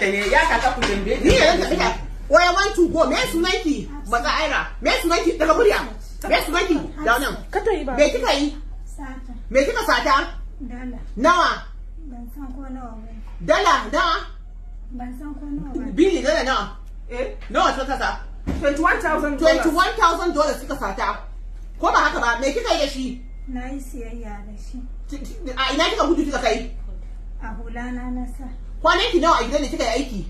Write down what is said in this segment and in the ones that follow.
Eh, ya kaka want to go me sunanki maza aira me sunanki daga me sunanki da nan ka me kika yi sata me kika sata dala nawa ban san ko nawa ba dala da ban san ko nawa ba bili dala nawa eh nawa 21000 21000 dollars kika sata ko ba haka ba me kika yi da shi na yi siyayya da shi a ina kika gudu kika kai a hulana na sa kwanaki nawa a gidan da kika yi aiki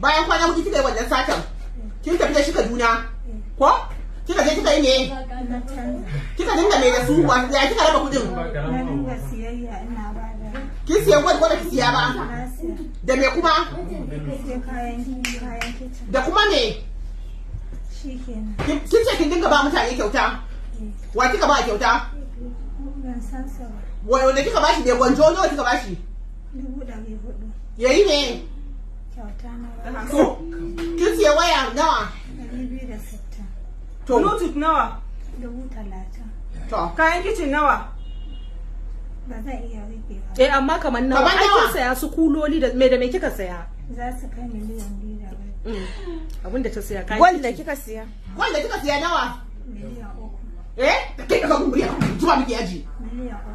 bayan kwana kuke kika yi wannan satan eh. kin tafi da shi Kaduna eh. ko kika je kika yi ne kika dinga mai da su ya kika raba kudin kin siya gwad gwada ki siya ba da me kuma da kuma me kin ce kin dinga ba mutane kyauta eh. wa kika ba kyauta wanda kika bashi ne gwanjo nawa kika bashi dubu yi hudu yayi ne kyauta nawa? so waya nawa ɗari biyu da sittin to bluetooth nawa dubu talatin to kayan kicin nawa ba zan iya rufe ba eh amma kamar nawa kamar nawa saya su kuloli da me da me kika saya za su kai miliyan biyu da abin mm. da ta siya kayan wanda kika siya wanda kika siya nawa miliyan uku eh kai ka ga kuriya zuwa miki yaji miliyan uku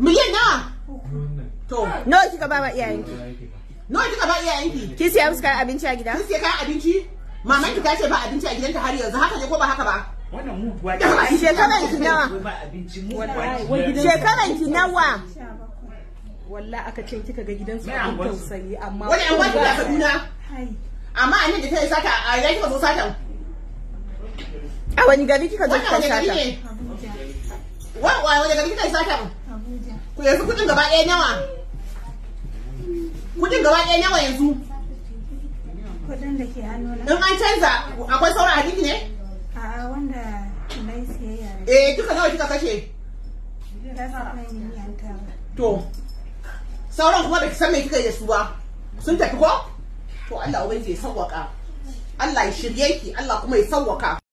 miliyan nawa To. Nawa kika ba wa iyayenki? Nawa kika ba iyayenki? Kin siya musu kayan abinci a gida? Kin siya kayan abinci? Maman ki ta ce ba abinci a gidanta har yanzu haka ne ko ba haka ba? Wannan muguwa ce. Shekaran ki nawa? Shekaran ki nawa? Walla aka ce kika ga gidansu abin tausayi amma. Wani yan wani da Kaduna? Amma a nan da ta yi sata a ina kika zo satan? A wani gari kika zo kika satan? Wani wani gari kika yi sata. Abuja. Ku yanzu kudin gaba ɗaya nawa? gaba ɗaya nawa yanzu kudin da in an canza akwai sauran hadisi ne a'a eh kika nawa kika kashe to sauran kuma da san me kika yi su ba sun tafi ko to Allah ubangiji ya sawwaka Allah ya shirye ki Allah kuma ya sawwaka